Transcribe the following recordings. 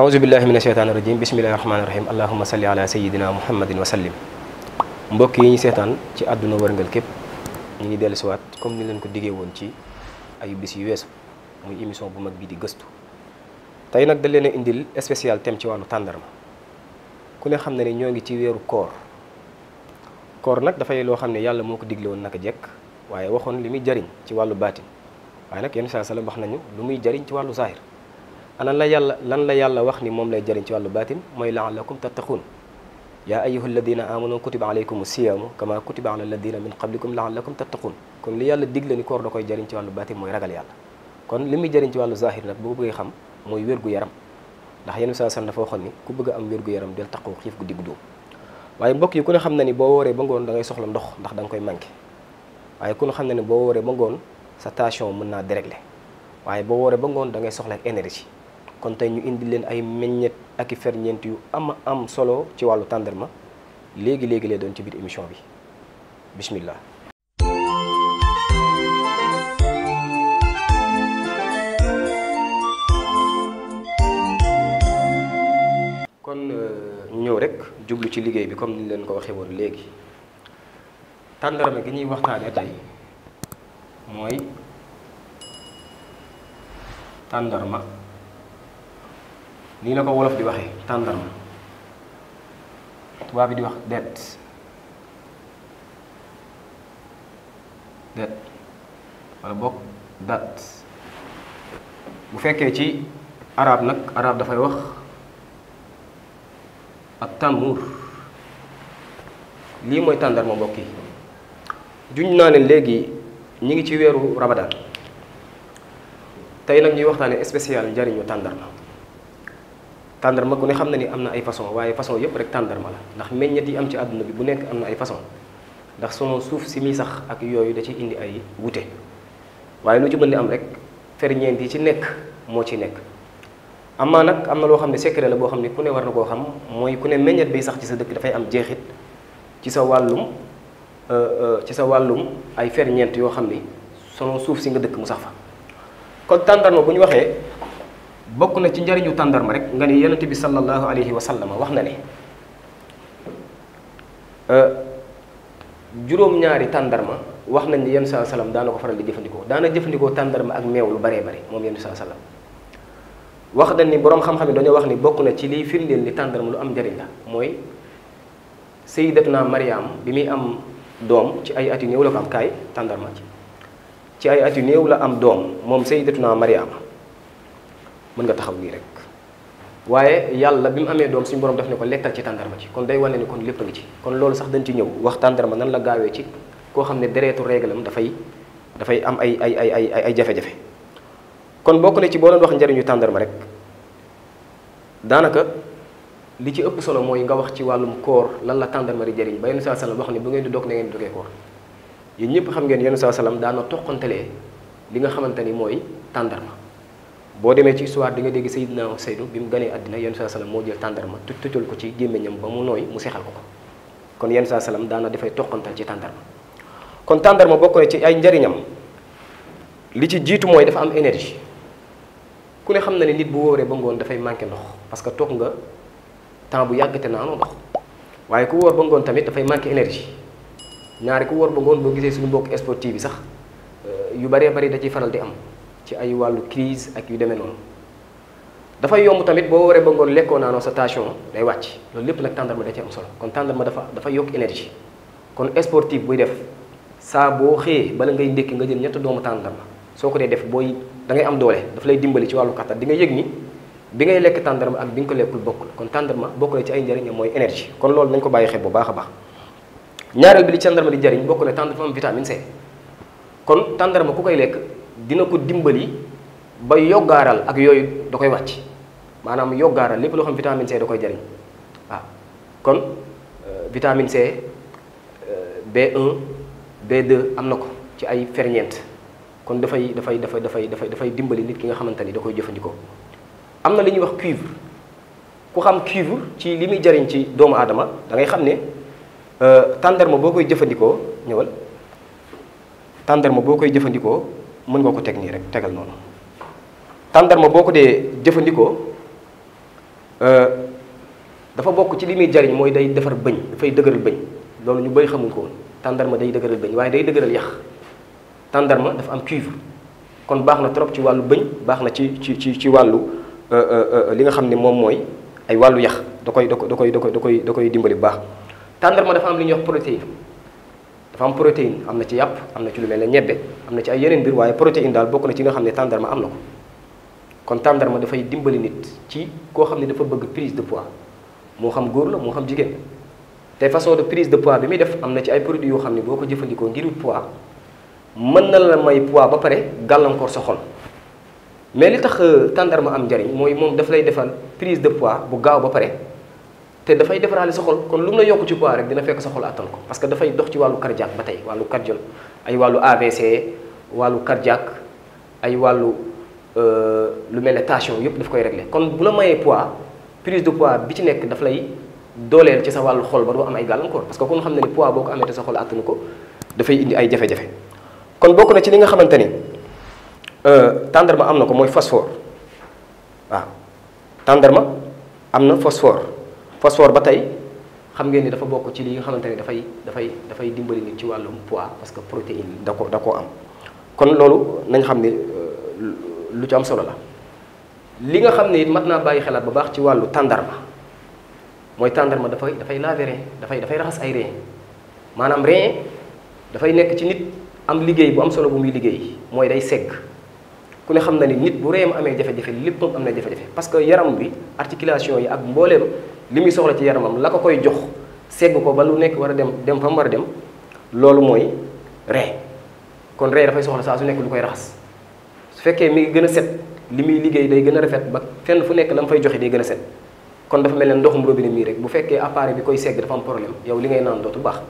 aouzu billahi mina sheytaani rajim bismillahi rahmaani rahim allahuma salli ala sayidina muhammadin wa sallim mbokk yi ñu seetaan ci àdduna wërngal képp ñu ngi dellu siwaat comme nu leen ko diggee woon ci ay bis yu weesu muy émission bu mag bi di gëstu tey nag da leen indil spécial thème ci wàllu tàndarma ku ne xam ne ne ñoo ngi ci weeru koor koor nag dafay loo xam ne yàlla moo ko digle woon naka jekk waaye waxoon li muy jariñ ci wàllu baatin waaye nag yenn saa salaam wax nañu lu muy jariñ ci wàllu zahir lan la yàlla lan la yàlla wax ni moom lay jariñ ci wàllu baatin mooy laalakum tattaquun yaa ayuha alladina amanu kutiba alaykum siyaamu kama kutiba ala alladina min qablikum laalakum tattaquun kon li yàlla digle ni koor da koy jëriñ ci wàllu baatin mooy ragal yàlla kon li muy jëriñ ci wàllu zahir nag boo bëggee xam mooy wér-gu-yaram ndax yenn saa san dafa waxoon ni ku bëgg a am wér-gu-yaram del taqoo xiif gu diggu dóom waaye mbokk yi ku ne xam na ni boo wooree ba ngoon da ngay soxla ndox ndax da nga koy manqué waaye ku ne xam na ni boo wooree ba ngoon sa mën naa dérégler waaye boo wooree ba ngoon da ngay soxla énergie kon tey ñu indi leen ay meññeet ak i ferñeent yu am am solo ci wàllu tàndarma léegi léegi lay doon ci biir émission bi bismillah. kon euh, ñëw rek jublu ci liggéey bi comme ni leen ko waxee woon léegi tàndarma gi ñuy waxtaanee tey mooy tàndarma. nii la ko wolof di waxee tàndarma tubaab bi di wax det det wala bokk dat bu fekkee ci arab nag arab dafay wax ak tànnuur lii mooy tàndarma mbokk yi juñ naa leen léegi ñi ngi ci weeru ramadaan tey nag ñuy waxtaane spécial njariñu tàndarma tàndarma ku ne xam na ni am na ay façon waaye façon yëpp rek tàndarma la ndax meññet yi am ci àdduna bi bu nekk am na ay façon ndax sunu suuf si muy sax ak yooyu da ci indi ay wute waaye lu ci mën di am rek ferñeent yi ci nekk moo ci nekk amaa nag am na loo xam ne secret la boo xam ne ku ne war na koo xam mooy ku ne meññet bi sax ci sa dëkk dafay am jeexit ci sa wàllum euh, euh, ci sa wàllum ay ferñeent yoo xam ni suuf si nga dëkk mu sax fa kon tàndarma bu ñu waxee bokk na ci njariñu tàndarma rek nga ni yonent bi sallallahu alayhi wa sallam wax na ne euh, juróom-ñaari tàndarma wax nañ ne yenn saa salaam daana ko faral di jëfandikoo daana jëfandikoo tàndarma ak meew lu baree bari moom yenn saa salaam wax dañ ni boroom xam-xam yi dañoo wax ni bokk na ci liy firndeel ni tàndarma lu am njariñ la mooy sayyidatuna Mariam bi muy am doom ci ay at yu néew la ko am kaay tàndarma ci ci ay at yu néew la am doom moom sayyidatuna Mariam mën nga taxaw nii rek waaye yàlla bi mu amee doom suñu borom daf ne ko lekkal ci tàndarma ci kon day wane ni kon lépp ngi ci kon loolu sax dañ ci ñëw wax tàndarma nan la gaawee ci koo xam ne dereetu réglam dafay dafay am ay ay ay ay ay jafe-jafe kon bokk na ci boo doon wax njëriñu tàndarma rek daanaka li ci ëpp solo mooy nga wax ci wàllum koor lan la tàndarma di jëriñ ba yenn saa salaam wax ne bu ngeen di dog na ngeen di dogee koor yéen ñëpp xam ngeen yenn saa salaam daana toqantelee li nga xamante ni mooy tàndarma boo demee ci histoire di nga dégg Seydina Seydou bi mu ganee àddina yenn saa salaam moo jël tàndarma tu tuccal ko ci gémmiñam ba mu nooy mu seexal ko ko kon yenn saa salaam daana dafay toqantal ci tàndarma kon tàndarma bokk na ci ay njariñam li ci jiitu mooy dafa am énergie ku ne xam na ne nit bu wooree ba ngoon dafay manqué ndox parce que toog nga temps bu yàggate te naanoo ndox waaye ku woor ba ngoon tamit dafay manqué énergie ñaari ku wóor ba ngoon boo gisee suñu mbokk sportif bi sax euh, yu baree bari ciy faral di am ci ay wàllu crise ak yu demee noonu dafa yomb tamit boo waree ba ngoon lekkoo naanoo sa tension day wàcc loolu lépp nag tàndarma de ci am solo kon tàndarma dafa dafa yokk énergie kon sportif buy def saa boo xëyee bala ngay ndékki nga jël ñett doomu tàndarma soo ko dee def booy da ngay am doole daf lay dimbali ci wàllu kattan di nga yëg ni bi ngay lekk tàndarma ak bi nga ko lekkul bokkul kon tàndarma bokk na ci ay njëriñam mooy énergie kon loolu nañ ko bàyyi xel bu a baax ñaareel bi li tàndarma di jëriñ bokk na tàndarma am vitamine C kon tàndarma ku koy lekk dina ko dimbali ba yoggaaral ak yooyu da koy wax ci maanaam yoggaaral lépp loo xam vitamine C da koy jariñ waaw ah, kon euh, vitamine C B1 euh, b am na ko ci ay ferñeent kon dafay dafay dafay dafay dafay dafay dimbali nit ki nga xamante ni da koy jëfandikoo am na li ñuy wax cuivre ku xam cuivre ci li muy jariñ ci doomu aadama da ngay xam ne euh, tàndarma boo koy jëfandikoo ñëwal tàndarma boo koy jëfandikoo mën nga ko teg nii rek tegal noonu tàndarma boo ko dee jëfandikoo euh, dafa bokk ci li muy jariñ mooy day defar bëñ dafay dëgëral bëñ loolu ñu bëri xamuñ ko tàndarma day dëgëral bëñ waaye day dëgëral yax tàndarma dafa am cuivre kon baax na trop ci wàllu bëñ baax na ci ci ci ci wàllu euh, euh, li nga xam ne moom mooy ay wàllu yax da koy da koy da koy da koy da koy dimbali bu baax tàndarma dafa am li ñuy wax protéine dafa am protéine am na ci yàpp am na ci lu mel ne ñebbe am na ci ay yeneen mbir waaye protéine daal bokk na ci nga xam ne tàndarma am na ko kon tàndarma dafay dimbali nit ci koo xam ne dafa bëgg prise de poids moo xam góor la moo xam jigéen te façon de prise de poids bi muy def am na ci ay produits yoo xam ne boo ko jëfandikoo ngir poids mën na la may poids ba pare gàllankoor sa xol mais li tax euh, tàndarma am njariñ mooy moom daf lay defal prise de poids bu gaaw ba pare te dafay defaraale sa xol kon lu mu la yokk ci poids rek dina fekk sa xol attan ko parce que dafay dox ci wàllu cardiaque ba tey wàllu cardio ay wàllu AVC wàllu cardiaque ay wàllu euh, lu mel ne tension yëpp daf koy régler kon bu la mayee poids prise de poids bi ci nekk daf lay dooleel ci sa wàllu xol ba doo am ay gàllankoor parce que kon xam ne ni poids boo ko amee te sa xol attanu ko dafay indi ay jafe-jafe kon bokk na ci li nga xamante ni euh, tàndarma am na ko mooy phosphore waaw tàndarma am na phosphore phosphore ba tey xam ngeen ni dafa bokk ci li nga xamante ne dafay dafay dafay dimbali nit ci wàllum pois parce que protéine da ko da koo am kon loolu nañ xam ni euh, lu ci am solo la li nga xam ne it mat naa bàyyi xelaat bu baax ci wàllu tàndarma mooy tàndarma dafay dafay laver dafay dafay raxas ay rein maanaam rein dafay nekk ci nit am liggéey bu am solo bu muy liggéey mooy day segg ku ne xam na ni nit bu ma amee jafe-jafe léppam am na jafe-jafe parce que yaram bi articulation yi ak li muy soxla ci yaramam la ko koy jox segg ko ba lu nekk war a dem dem fa mu war a dem loolu mooy ree kon ree dafay soxla saa su nekk lu koy raxas su fekkee mi ngi gën a set li muy liggéey day gën a rafet ba fenn fu nekk la mu fay joxe day gën a set kon dafa mel ne ndoxum robinet mii rek bu fekkee appareil bi koy segg dafa am problème yow li ngay naan dootu baax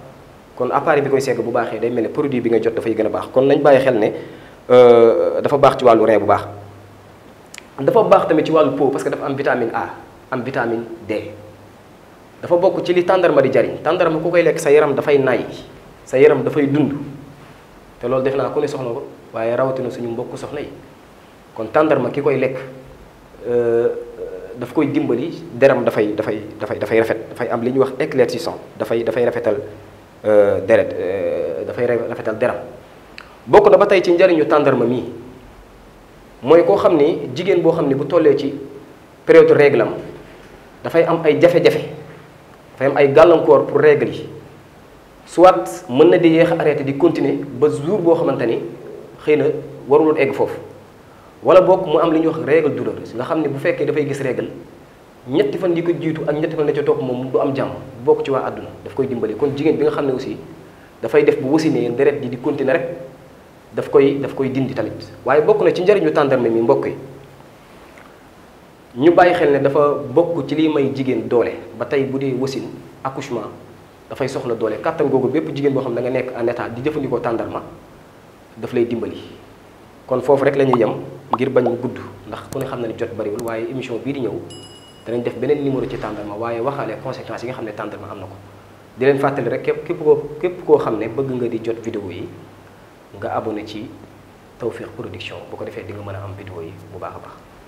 kon appareil bi koy segg bu baaxee day mel ne produit bi nga jot dafay gën a baax kon nañ bàyyi xel ne euh, dafa baax ci wàllu ree bu baax dafa baax tamit ci wàllu peau parce que dafa am vitamine A am vitamine dafa bokk ci li tàndarma di jariñ tàndarma ku koy lekk sa yaram dafay nay sa yaram dafay dund te loolu def naa ku ne soxna ko waaye rawtina suñu mbokk soxna yi kon tàndarma ki koy lekk euh, daf koy dimbali deram dafay dafay dafay dafay rafet dafay am li ñuy wax éclaircissant dafay dafay rafetal euh, deret euh, dafay rafetal deram bokk na ba tey ci njariñu tàndarma mii mooy koo xam ni jigéen boo xam ni bu tollee ci période règle am dafay am ay jafe-jafe dafa am ay gàllankoor pour règle yi soit mën na di yéex arrêté di continuer ba jour boo xamante ni xëy na waruloon egg foofu wala boog mu am li ñuy wax règle douloureuse nga xam ne bu fekkee dafay gis règle ñetti fan yi ko jiitu ak ñetti fan la ca topp moom du am jàmm bokk ci waa àdduna daf koy dimbali kon jigéen bi nga xam ne aussi dafay def bu wasinee deret ji di continuer rek daf koy daf koy dindi tamit waaye bokk na ci njëriñu tàndarme mi mbokk yi ñu bàyyi xel ne dafa bokk ci liy may jigéen doole ba tey bu dee wasin accouchement dafay soxla doole kàttan googu bépp jigéen boo xam ne da nga nekk en état di jëfandikoo tàndarma daf lay dimbali. kon foofu rek la ñuy yem ngir bañ gudd ndax ku ne xam na ni jot bariwul waaye émission bii di ñëw danañ def beneen numéro ci tàndarma waaye waxaale conséquences yi nga xam ne tàndarma am na ko. di leen fàttali rek képp képp koo képp koo xam ne bëgg nga di jot vidéo yi nga abonné ci Tawfekh Production bu ko defee di nga mën a am vidéo yi bu baax a